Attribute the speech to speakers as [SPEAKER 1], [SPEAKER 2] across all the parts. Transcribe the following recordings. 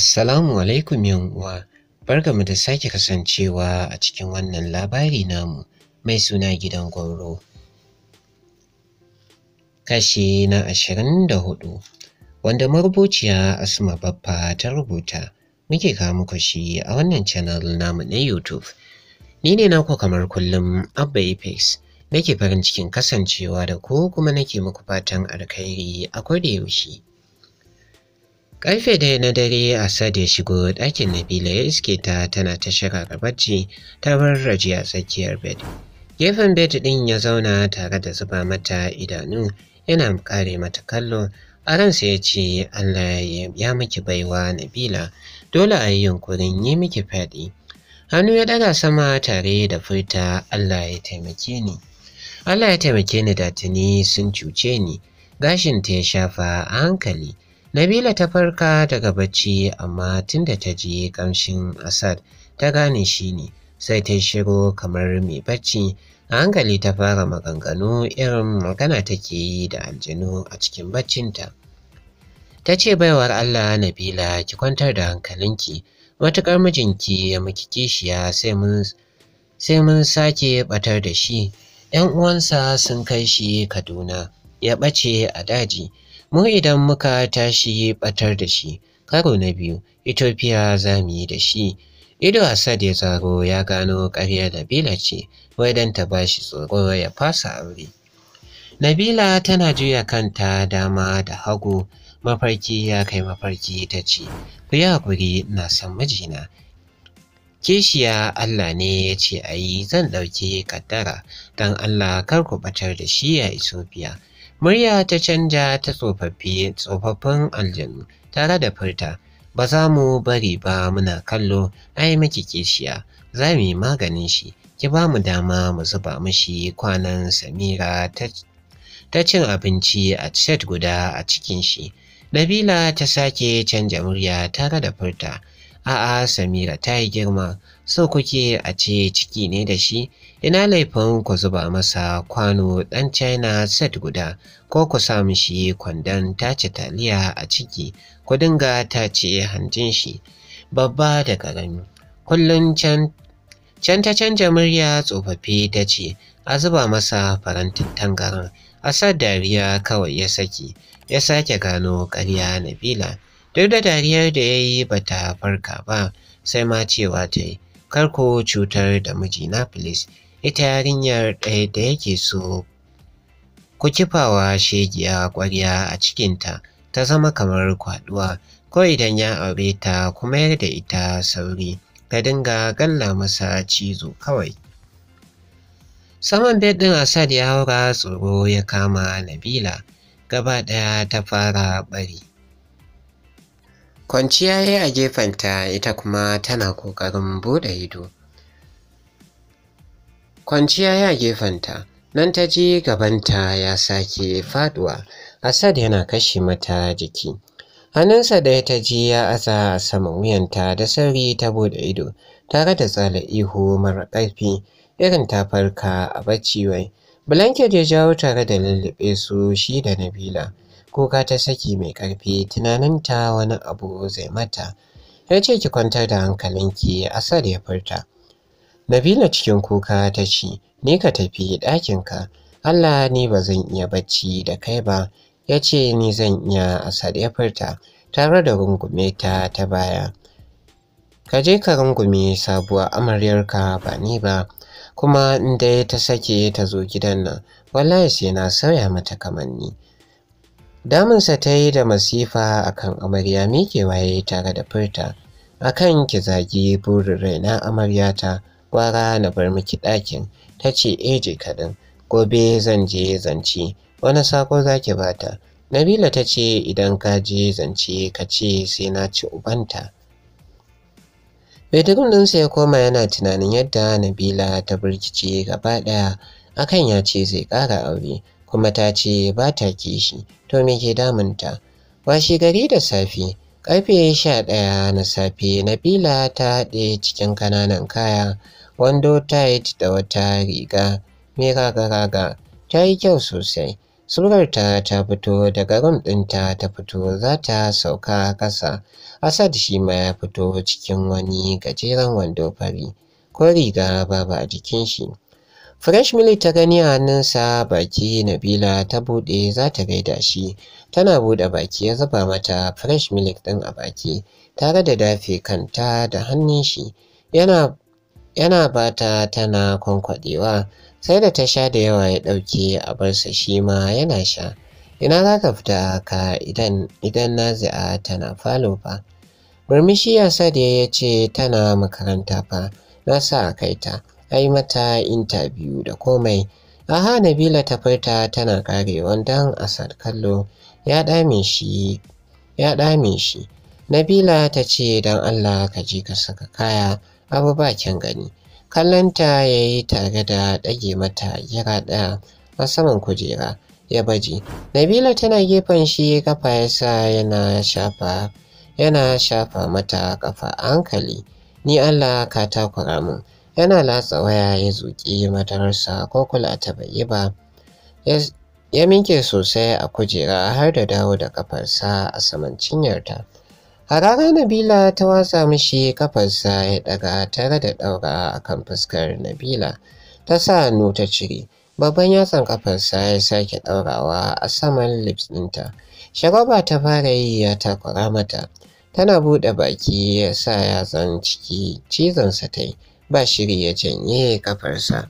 [SPEAKER 1] Assalamu alaikum uwa barkamu da sake kasancewa a cikin wannan labari namu mai suna gidan gwauro. Kashi na ashirin da hudu wanda marubuciya Asma Baffa ta rubuta muke kawo muku shi a wannan channel namu na YouTube. Ni ne naku kamar kullum Abba Apex nake farin cikin kasancewa da ko kuma nake muku fatan alkhairi a koda yaushe. Karfe daya na dare Asad ya shigo ɗakin Nabila ya iske ta tana ta shirara bacci ta barraji a tsakiyar bed. Gefen bed ɗin ya zauna tare da zuba mata idanu yana kare mata kallo a ransa ya ce Allah ya miki baiwa Nabila dole a yi yunkurin yi miki faɗi. Hannu ya ɗaga sama tare da furta Allah ya taimake ni. Allah ya taimake ni da tuni sun cuce ni gashin ta ya shafa a hankali. Nabila ta farka daga bacci amma tunda ta ji kamshin Asad ta gane shi ne sai ta shiru kamar mai bacci a hankali ta fara maganganu irin magana take yi da aljanu a cikin baccinta. Ta ce baiwar Allah Nabila ki kwantar da hankalinki matuƙar mijinki ya miki kishiya sai mun sake batar da shi ‘yan uwansa sun kai shi Kaduna ya ɓace a daji mu idan muka tashi batar da shi karo na biyu Ethiopia za mu yi da shi ido asad ya tsaro ya gano da Nabila ce wai dan ta ba shi tsoro ya fasa aure Nabila tana juya kanta dama da hagu mafarki ya kai mafarki ta ce ku yi hakuri na san mijina kishiya Allah ne ya ce a yi zan ɗauki kaddara don Allah kar ku ɓatar da shi a Ethiopia. Murya ta canja ta tsofaffi tsofaffin aljanu tare da furta. Ba za mu bari ba muna kallo ai miki kishiya za mu yi maganin shi ki ba mu dama mu zuba mishi kwanan Samira ta cin abinci a set guda a cikin shi. Nabila ta sake canja murya tare da furta. A'a Samira ta yi girma so kuke a ce ciki ne da shi ina laifin ku zuba masa kwano ɗan china set guda ko ku sa shi kwandon tace taliya a ciki ku dinga tace hanjin shi babba da ƙarami kullum can can ta canja murya tsofaffi ta ce a zuba masa farantin tangaran a sa dariya kawai ya saki ya sake gano ƙarya nabila duk da dariyar da ya yi bata farka ba sai ma cewa ta yi kar ku cutar da mijina please ita yarinyar ɗaya da yake so ku kifawa shegiya ƙwarya a cikinta ta zama kamar kwaɗuwa ko idan ya aure ta kuma yar da ita sauri ta dinga galla masa cizo kawai saman bedin asad ya haura tsoro ya kama nabila gaba ɗaya ta fara ɓari kwanciya ya yi a gefenta ita kuma tana ƙoƙarin buɗe ido kwanciya ya gefenta nan ta ji gabanta ya sake faduwa asad yana kashe mata jiki hannunsa da ya ta ji ya aza a saman wuyanta da sauri ta bude ido tare da tsala ihu mara ƙarfi irin ta farka a bacci wai blanket ya jawo tare da lullube su shi da nabila kuka ta saki mai ƙarfi tunaninta wani abu zai mata ya ce ki kwantar da hankalinki asar ya furta nabila cikin kuka ta ce ni ka tafi ɗakinka allah ni ba zan iya bacci da kai ba ya ce ni zan iya asar ya furta tare da rungume ta ta baya ka je ka rungume sabuwa amaryarka ba ni ba kuma in dai ta sake ta zo gidan nan wallahi sai na sauya mata kamanni Damunsa ta yi da masifa a kan amarya miƙewa waye tare da furta. A kan ki zagi burin raina amaryata, gwara na bar miki ɗakin, ta ce eje eh, kaɗan, gobe zan je zance, wani sako za ki bata. Nabila ta ce idan ka je zance ka ce sai na ci ubanta. bedirin ɗinsa ya koma yana tunanin yadda Nabila ta birkice gaba ɗaya akan ya ce zai ƙara aure. kuma ta ce ba ta kishi to me ke damunta washe gari da safe karfe sha ɗaya na safe nabila ta haɗe cikin ƙananan kaya wando tight da wata riga mai raga-raga ta yi kyau sosai surarta ta fito daga rum ɗinta ta fito za ta sauka ƙasa asad shi ma ya fito cikin wani gajeren wando fari ko riga babu a jikin shi Fresh Milk ta gani a hannunsa baki Nabila ta buɗe za ta gaida shi. Tana buɗe baki ya zuba mata Fresh Milk ɗin a baki tare da dafe kanta da hannun shi. Yana yana ta tana kwankwaɗewa sai da ta sha da yawa ya ɗauke a barsa shi ma yana sha. Ina za ka fita ka idan idan Nazi'a tana falo fa. Murmushi ya sa da ya ce tana makaranta fa na sa a kai ta. ai mata intabiyu da komai aha nabila ta farta tana kare wandon asar kallo ya dame shi ya dame shi nabila ta ce dan allah ka je ka saka kaya abu bakin gani kallonta ya yi tare da ɗage mata gira ɗaya a saman kujera ya baje. Nabila tana gefen shi kafa yasa yana shafa yana shafa mata kafa hankali. Ni Allah ka takura min. yana latsa waya ya zuƙi madararsa ko kula ta bai ba ya minke sosai a kujera har da dawo da kafarsa a saman cinyarta harara nabila ta watsa mishi kafarsa ya daga tare da ɗaura a kan fuskar nabila ta sa hannu ta cire babban yatsan kafarsa ya sake ɗaurawa a saman lips ɗinta shagaba ta fara yi ya takura mata tana buɗe baki ya sa yatsan ciki cizonsa ta yi ba shiri ya janye kafarsa.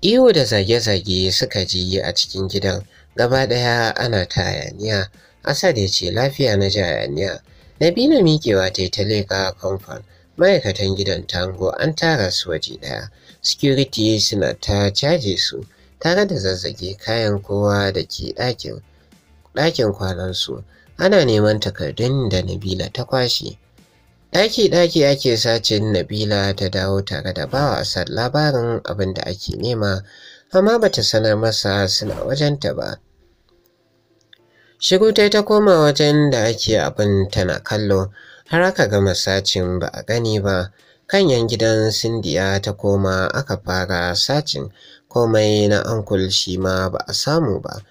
[SPEAKER 1] Iyo da zage-zage suka ji a cikin gidan gaba ɗaya ana ta yaniya, Asad ya ce lafiya na ji hayaniya. na miƙewa ta yi ta leƙa kamfan ma'aikatan gidan tango an tara su waje ɗaya. Security suna ta caje su tare da zazzage kayan kowa da ke ɗakin ɗakin kwanansu. Ana neman takardun da Nabila ta kwashe. Ɗaki-ɗaki ake sacin Nabila ta dawo tare da bawa Asad labarin abin da ake nema, amma bata sanar masa suna wajenta ba. Shigo ta ta koma wajen da ake abin tana kallo, har aka gama sacin ba a gani ba, kanyan gidan Sindiya ta koma aka fara sacin komai na ankul shi ma ba a samu ba,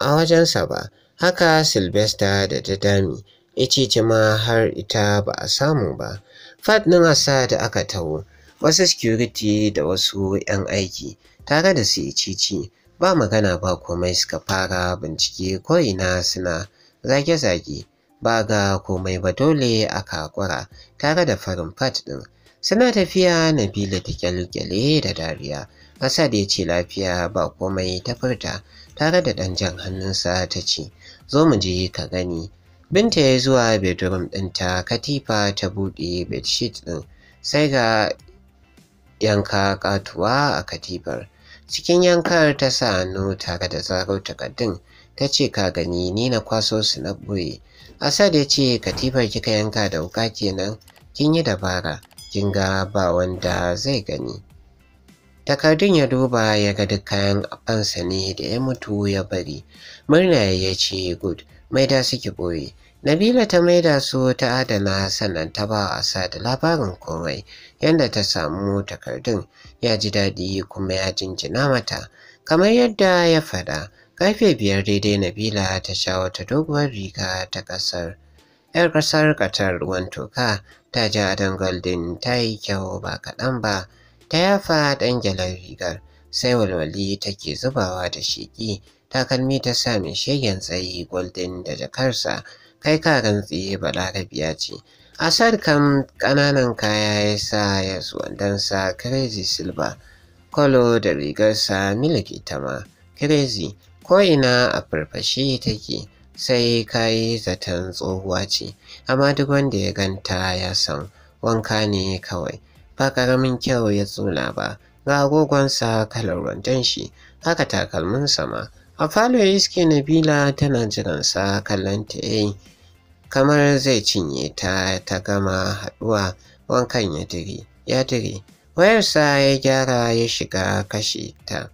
[SPEAKER 1] a wajensa ba, haka Silvesta da dami. ya ce har ita ba a samu ba fat ɗin da aka taho wasu security da wasu 'yan aiki tare da su cici ba magana ba komai suka fara bincike ko'ina suna zage-zage ba ga komai ba dole a kakwara. tare da farin fat ɗin suna tafiya na nabila ta kyalkyale da dariya asad ya ce lafiya ba komai ta furta tare da ɗan jan hannunsa ta ce zo mu je ka gani Binta ya zuwa bedroom ɗinta katifa ta buɗe bedsheet ɗin sai ga yanka katuwa a katifar. Cikin yankar ta sa hannu tare da zarar takardun ta ce ka gani ni na kwaso su na ɓoye. Asad ya ce katifar kika yanka da wuka kenan kin yi dabara kin ga ba wanda zai gani. Takardun ya duba ya ga duk kayan ne da ya mutu ya bari. Murna ya ce good maida suke ɓoye nabila ta maida su ta adana sannan ta ba sa da labarin komai yadda ta samu takardun ya ji daɗi kuma ya jinjina mata kamar yadda ya faɗa ƙarfe biyar daidai nabila ta sha wata doguwar riga ta ƙasar yar ƙasar ƙatar ruwan toka ta ja adon golden ta yi kyau ba kaɗan ba ta yafa ɗan gyalar rigar sai walwali take zubawa da shiƙi takalmi ta sa mai shegen tsayi golden da jakarsa kai ka rantsi balarabiya ce asar kam ƙananan kaya ya sa ya wandonsa crazy silver kolo da rigarsa milki ta ma crazy ko'ina a farfashe take sai kayi zaton tsohuwa ce amma duk wanda ya ganta ya san wanka ne kawai ba ƙaramin kyau ya tsula ba ga agogonsa kalar wandon shi haka takalmin sama a falo ya iske nabila tana jiransa kallon ta yi kamar zai cinye ta ta gama haɗuwa wankan ya dire ya diri wayarsa ya gyara ya shiga kashe ta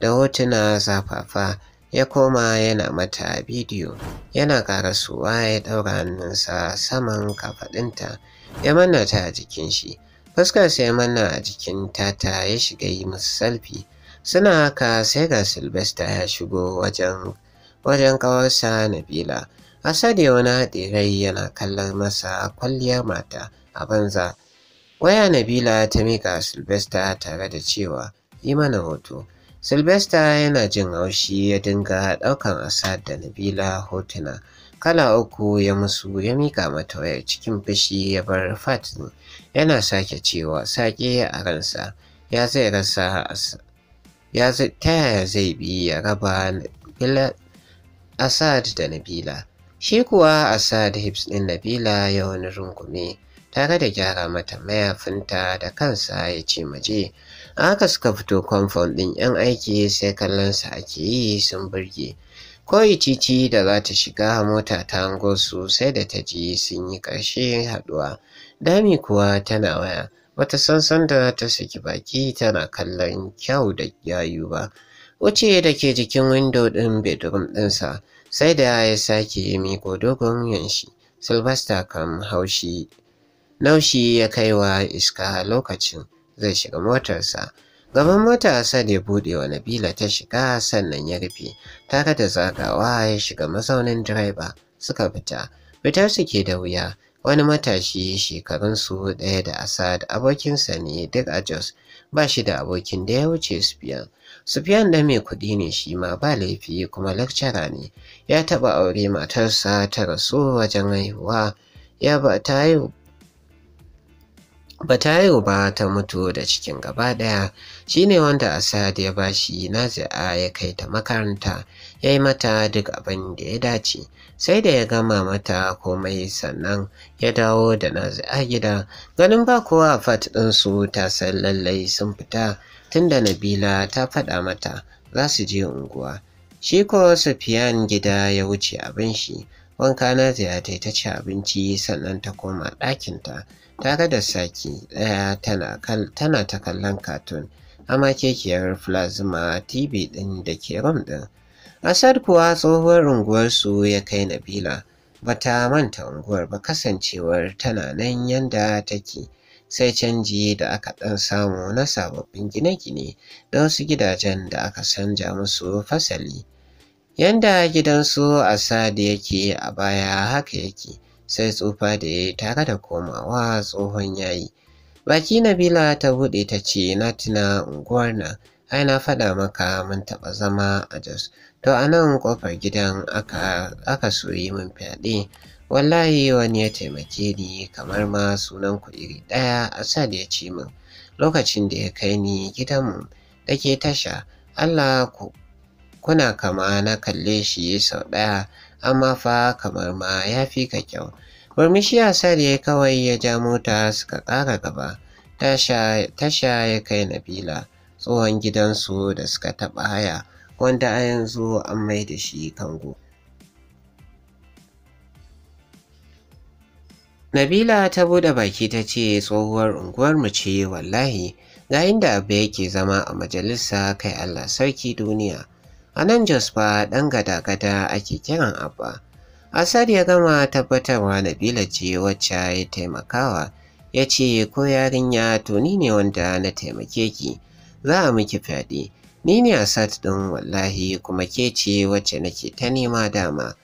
[SPEAKER 1] da hotuna zafafa ya koma yana mata bidiyo yana suwa ya ɗaura hannunsa saman kafaɗinta ya manna ta a jikin shi fuskar sai manna a jikin tata ya shiga yi musu salfi suna haka sai ga silvester ya shigo wajen wajen kawarsa nabila A ya wani haɗe rai yana kallon masa kwalliyar mata a banza waya nabila ta mika silvester tare da cewa yi mana hoto silvester yana jin haushi ya dinga ɗaukan asad da nabila hotuna kala uku ya musu ya mika mata wayar cikin fushi ya bar fatin yana sake cewa sake a ransa ya zai rasa ya ta yaya zai bi ya raba Asad da Nabila. Shi kuwa Asad hips ɗin Nabila ya wani rungume tare da gyara mata mayafinta da kansa ya ce maje. Aka suka fito kwamfon ɗin 'yan aiki sai kallonsa ake yi sun burge. Koyi titi da za ta shiga mota ta hango su sai da ta ji sun yi ƙarshe haɗuwa. Dami kuwa tana waya. Wata sansan da ta saki baki tana kallon kyau da yayu ba wuce da ke jikin windo ɗin bedroom ɗinsa sai da ya sake miko dogon yanshi sylvester kan haushi naushi ya kaiwa iska lokacin zai shiga motarsa gaban mota Hassan ya buɗe wa Nabila ta shiga sannan ya rufe tare da zagawa ya shiga mazaunin direba suka fita fitar su ke da wuya wani matashi shekarunsu ɗaya da Asad abokinsa ne duk a Jos ba shi da abokin da ya wuce Sufiyan. Sufiyan da mai kuɗi ne shi ma ba laifi kuma lakcara ne ya taɓa aure matarsa ta rasu wajen haihuwa ya ba ta haihu bata haihu ba ta mutu da cikin gaba ɗaya shine wanda Asad ya bashi Nazi'a ya kai ta makaranta ya yi mata duk abin da ya dace sai da ya gama mata komai sannan ya dawo da Nazi'a gida ganin ba kowa a fat ɗinsu ta san lallai sun fita tunda Nabila ta faɗa mata za su je unguwa shi ko Sufiyan gida ya wuce abin shi wanka Nazi'a ta ci abinci sannan ta koma ɗakinta. tare da saki ɗaya tana ta kallon katun amma kekiyar plasma tv ɗin da ke rom ɗin asad kuwa tsohuwar unguwarsu ya kai nabila bata manta unguwar ba kasancewar tana nan yanda take sai canji da aka ɗan samu na sababbin gine-gine da wasu gidajen da aka canja musu fasali yanda gidansu asad yake a baya haka yake sai tsufa da ya tare da komawa tsohon yayi baki nabila ta buɗe ta ce na tuna unguwar nan ai na faɗa maka mun taɓa zama a jos to a nan ƙofar gidan aka, aka soyi mun fyaɗe wallahi wani ya taimake ni kamar ma sunan ku iri ɗaya da ya ci min lokacin da ya kai ni gidanmu da ke tasha allah ku kuna kama na kalle shi sau ɗaya amma fa kamar ma ya fi ka kyau murmushi a ya kawai ya ja mota suka ƙara gaba tasha ya kai nabila tsohon gidansu da suka taɓa haya wanda a yanzu an mai da shi kango Nabila ta bude baki ta ce tsohuwar unguwar mu ce wallahi ga inda abu yake zama a majalisa kai Allah sarki duniya A nan Jos fa ɗan gada-gada ake kiran Abba. Asad ya gama tabbatarwa Nabila ce wacce ya taimakawa ya ce ko yarinya to ni ne wanda na taimake ki za a miki fyaɗe. Ni ne Asad ɗin wallahi kuma ke ce wacce nake ta nema dama.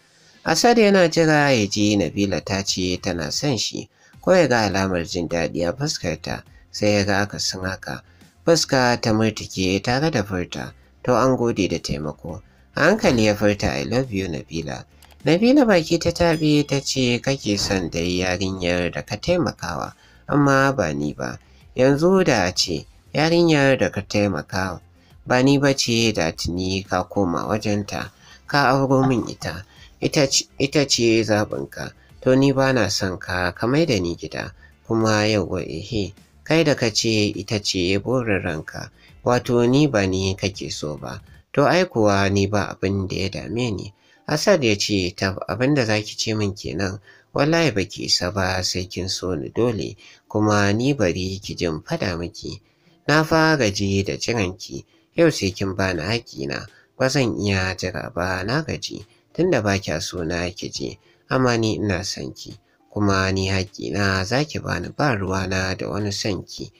[SPEAKER 1] Asad yana jira ya ji Nabila ta ce tana son shi ko ya ga alamar jin daɗi a fuskarta sai ya ga akasin haka. Fuska ta murtuke tare da furta. to an gode da taimako. A hankali ya furta I love you Nabila. Nabila baki ta tabi ta ce kake son dai yarinyar da ka taimakawa amma ba ni ba. Yanzu da ce yarinyar da ka taimakawa ba ni ba ce da tuni ka koma wajenta ka auro min ita. Ita ce zaɓinka to ni ba na son ka ka mai da ni gida kuma yau ehe kai da ka ce ita ce burin ranka. wato ni ba ni kake so ba to ai kuwa ni ba abin da ya dame ni Asad ya ce tab abin da zaki ce min kenan wallahi baki isa ba sai kin so ni dole kuma ni bari ki jin fada miki na fa gaji da jiranki yau sai kin bani na, ba zan iya jira ba na gaji tunda ba kya so na ki ji, amma ni ina son ki kuma ni na zaki ki bani ba ruwana da wani son ki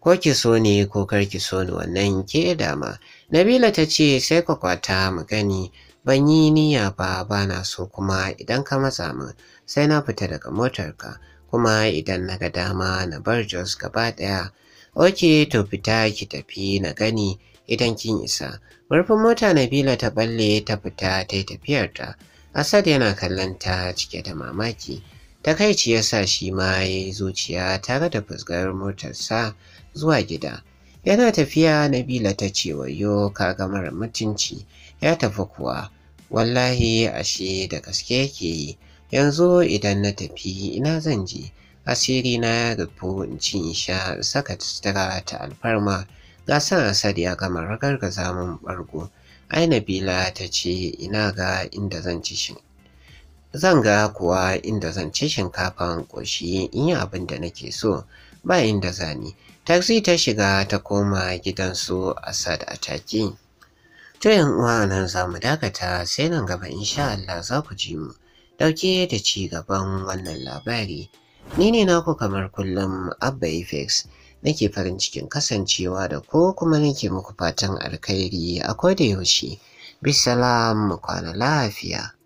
[SPEAKER 1] ko ki so ne ko kar ki so ni wannan ke dama nabila ta ce sai ka kwata mu gani ban yi niyya ba ba na so kuma idan ka matsa min sai na fita daga motarka kuma idan na ga dama na bar jos gaba ɗaya oke to fita ki tafi na gani idan kin isa murfin mota nabila ta balle ta fita ta yi ta Asad yana kallon ta cike da mamaki. Takaici ya sa shi ma ya yi zuciya tare da fuskar motarsa zuwa gida. Yana tafiya Nabila ta ce wa wayo kaga mara mutunci ya tafi kuwa wallahi ashe da gaske yake yi yanzu idan na tafi ina zan je asiri na ya rufu in ci in sha saka sutura ta alfarma ga san Asad ya gama ga zaman bargo ai Nabila ta ce ina ga inda zan ci shin zan ga kuwa inda zan ci shinkafan ƙoshi in yi abin da nake so ba inda zani. taxi ta shiga ta koma gidansu Asad a taki To yan uwa nan za mu dakata sai nan gaba insha Allah za ku ji mu dauke da ci gaban wannan labari. Ni ne naku kamar kullum Abba Ifex nake farin cikin kasancewa da ko kuma nake muku fatan alkhairi a koda yaushe. Bisalam kwana lafiya.